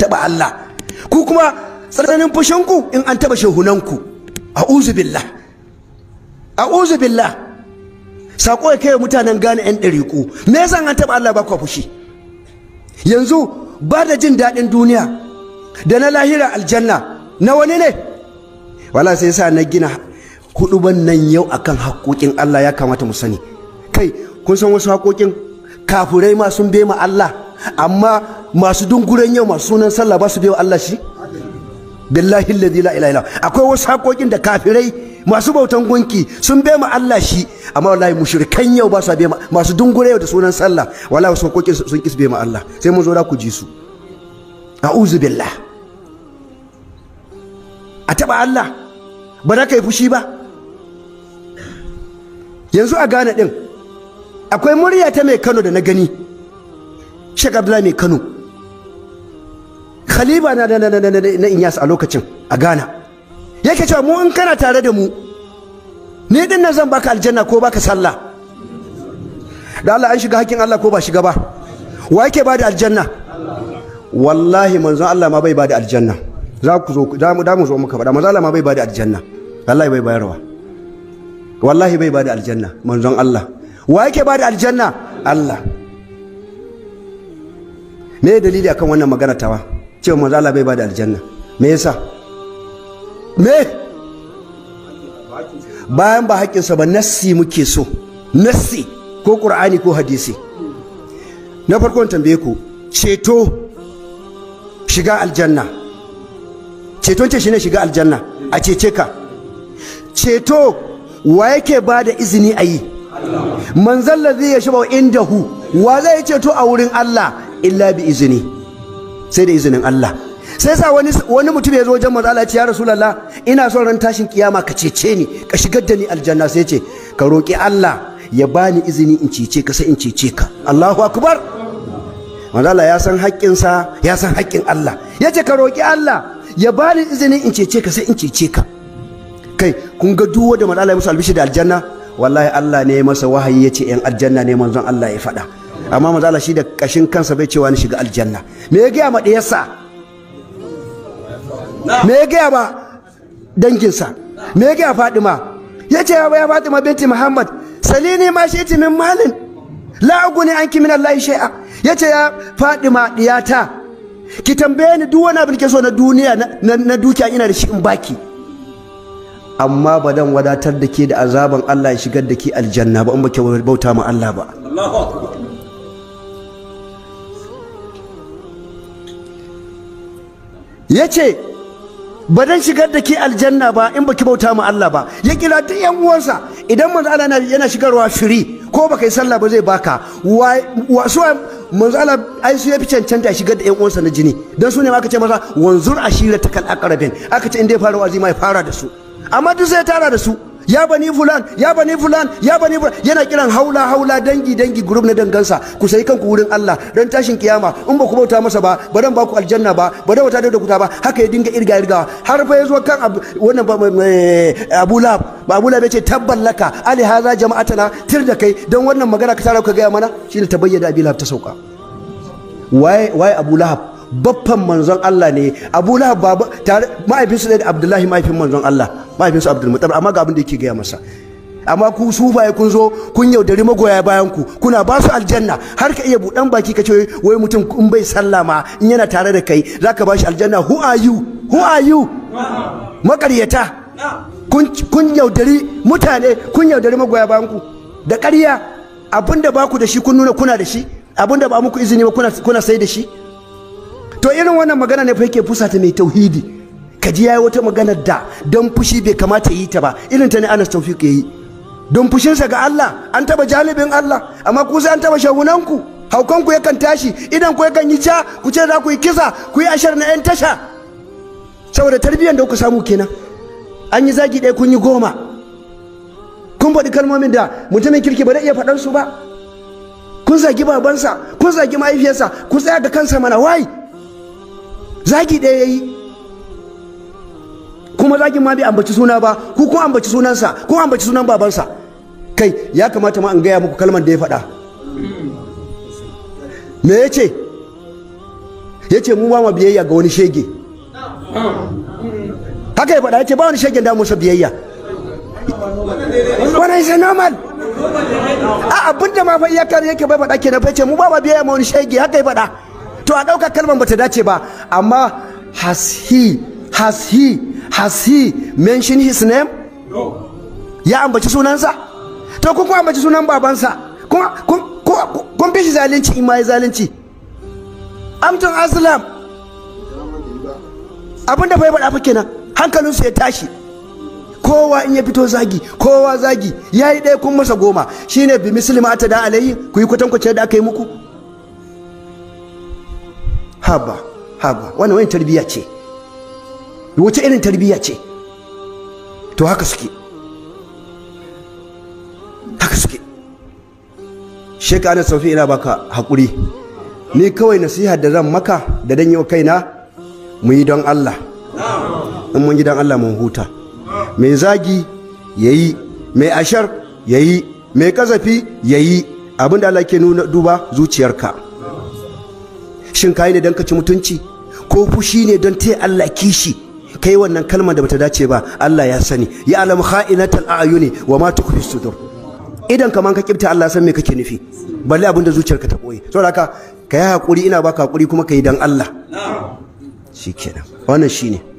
taba Allah ku kuma tsananin fushinku in an taba shehunanku a'udhu billah a'udhu billah sako ya kai mutanen gane yan ku, me yasa an taba Allah ba ku fushi yanzu ba da jin daɗin duniya da na lahira aljanna na wani ne wala sai sa na gina huduban nan yau akan haƙoƙin Allah ya kamata mu sani kai kun san wasu haƙoƙin kafurai ma sun bema Allah amma masu dunguren yau masu sunan sallah ba su biyo Allah shi billahi alladhi la ilaha illa akwai wasu hakokin da kafirai masu bautan gunki sun bai ma Allah shi amma wallahi mushrikan yau ba su bai masu dungure yau da sunan sallah wallahi wasu hakokin sun kisbe ma Allah sai mun zo da ku ji su a'udhu billah a taɓa Allah ba za ka yi fushi ba yanzu a gane ɗin akwai murya ta mai Kano da na gani Sheikh Abdullahi mai Kano khaliba na na inyas a lokacin a ghana yake cewa mu in kana tare da mu ni din nan zan baka aljanna ko baka sallah da Allah an shiga hakkin Allah ko ba shiga ba wa yake bada aljanna wallahi manzon Allah ma bai bada aljanna za ku zo da mu da mu zo muka faɗa manzon Allah ma bai bada aljanna wallahi bai bayarwa wallahi bai bada aljanna manzon Allah wa yake bada aljanna Allah me dalili akan wannan magana tawa cewa manzo Allah bai bada aljanna me yasa me bayan ba hakkin haƙƙinsa ba nassi muke so nassi ko ƙur'ani ko hadisi na farkon tambaye ku ceto shiga aljanna ceton ce shine shiga aljanna a cece ka ceto wa yake ba da izini ayi yi manzan lazi ya shi inda hu wa zai ceto a wurin Allah illa bi izini sai da izinin Allah sai sa wani wani mutum ya zo wajen manzo Allah ya ce ya rasulullah ina son ran tashin kiyama ka cece ni ka shigar da ni aljanna sai ce ka roki Allah ya bani izini in cece ka sai in cece ka Allahu akbar manzo Allah ya san haƙƙin sa ya san haƙƙin Allah ce ka roki Allah ya bani izini in cece ka sai in cece ka kai kun ga duk wanda manzo Allah ya musu albishi da aljanna wallahi Allah ne masa wahayi yace yan aljanna ne manzon Allah ya faɗa amma manzo Allah shi da kashin kansa bai cewa ni shiga aljanna me ya gaya ma ɗiyarsa? me ya gaya ma danginsa me ya gaya Fatima ya ce ya Fatima binti Muhammad salini ma shi min malin la aguni anki min allahi shay'a ya ce ya Fatima diyata ki tambaye ni duk wani abin ke so na duniya na dukiya ina da shi in baki amma ba dan wadatar da ke da azaban Allah ya shigar da ke aljanna ba in ba ke bauta ma Allah ba ya ce ba dan shigar da ke aljanna ba in baki bauta ma Allah ba ya kira duk yan uwansa idan manzo Allah yana shigarwa firi ko baka yi sallah ba zai baka wa su manzo Allah ai su yafi cancanta shigar da yan uwansa na jini dan su ne aka ce masa wanzur ashiratakal aqrabin aka ce inda ya fara wazi mai fara da su amma duk ya tara da su ya bani fulan ya bani fulan ya bani fulan yana kiran haula haula dangi dangi group na dangansa ku sai kanku wurin Allah ran tashin kiyama in ba ku bauta masa ba ba dan ba ku aljanna ba ba dan wata da ku ta ba haka ya dinga irga irga har fa yazo kan wannan eh, Abu Lahab ba Abu Lahab yace tabballaka ali haza jama'atana tir da kai dan wannan magana ka tara ka ga mana shine ta bayyana Abu ta sauka waye why Abu Lahab baffan manzon Allah ne Abu Lahab baba da Abdullahi ma'aifin manzon Allah mahaifinsa abdul mutar amma ga abin da yake gaya masa amma ku sufaye kun zo kun yaudari magoya bayan ku kuna ba su aljanna har ka iya buɗan baki ka ce wai mutum in bai sallama in yana tare da kai zaka ba shi aljanna who are you who are you makaryata kun yaudari mutane kun yaudari magoya bayan ku da ƙarya abinda ba ku da shi kun nuna kuna da shi abinda ba muku izini ba kuna sai da shi to irin wannan magana ne fa yake fusata mai tauhidi kaji yayi wata magana da dan fushi bai kamata yi ta ba irin ta ne Anas Tawfiq yayi don fushinsa ga Allah an taba jalibin Allah amma ku sai an taba shagunanku haukanku yakan tashi idan ku yakan yi ja ku ce za ku yi kisa ku yi ashar na yan tasha saboda tarbiyyar da ku samu kenan an yi zagi ɗaya kun yi goma kun faɗi kalmomin da mutumin kirki ba zai iya faɗan su ba kun zagi babansa kun zagi mahaifiyarsa kun tsaya ga kansa mana wai zagi ɗaya yayi kuma ki ma bai ambaci suna ba ku ko ambaci sunansa ko ambaci sunan babansa kai ya kamata ma an gaya muku kalmar da ya faɗa me ya ce ya ce mu ba ma biyayya ga wani shege haka ya faɗa ya ce ba wani shege da musa biyayya wannan is normal a abin da ma fa kare yake bai faɗa kenan fa ce mu ba ma biyayya ma wani shege haka ya faɗa to a ɗauka kalmar bata dace ba amma has he has he has he mentioned his name no ya ambaci sunansa to kun ambaci sunan babansa kun kun kun fi shi zalunci in ma ya zalunci amtun aslam abinda bai faɗa fa kenan hankalinsu ya tashi kowa in ya fito zagi kowa zagi ya yi ɗaya kun masa goma shine bi muslima ta da alayhi ku yi kwatankwacin da aka yi muku haba haba wannan wani tarbiyya ce wace irin tarbiyya ce to haka suke haka suke sheka ana saufi ina baka hakuri. ni kawai nasiha da zan maka da dan yau kaina mu yi don Allah in mun yi don Allah mun huta mai zagi yayi mai ashar yayi mai kazafi yayi abinda Allah ke nuna duba zuciyarka shin kai ne dan ka ci mutunci ko fushi ne don taya Allah kishi kai wannan kalmar da bata dace ba Allah ya sani ya alam kha'inatal a'yuni wa ma tukhfi sudur idan kaman ka kibta Allah san me kake nufi balle abin da zuciyarka ta boye saboda haka kai hakuri ina baka hakuri kuma kai dan Allah shikenan wannan shine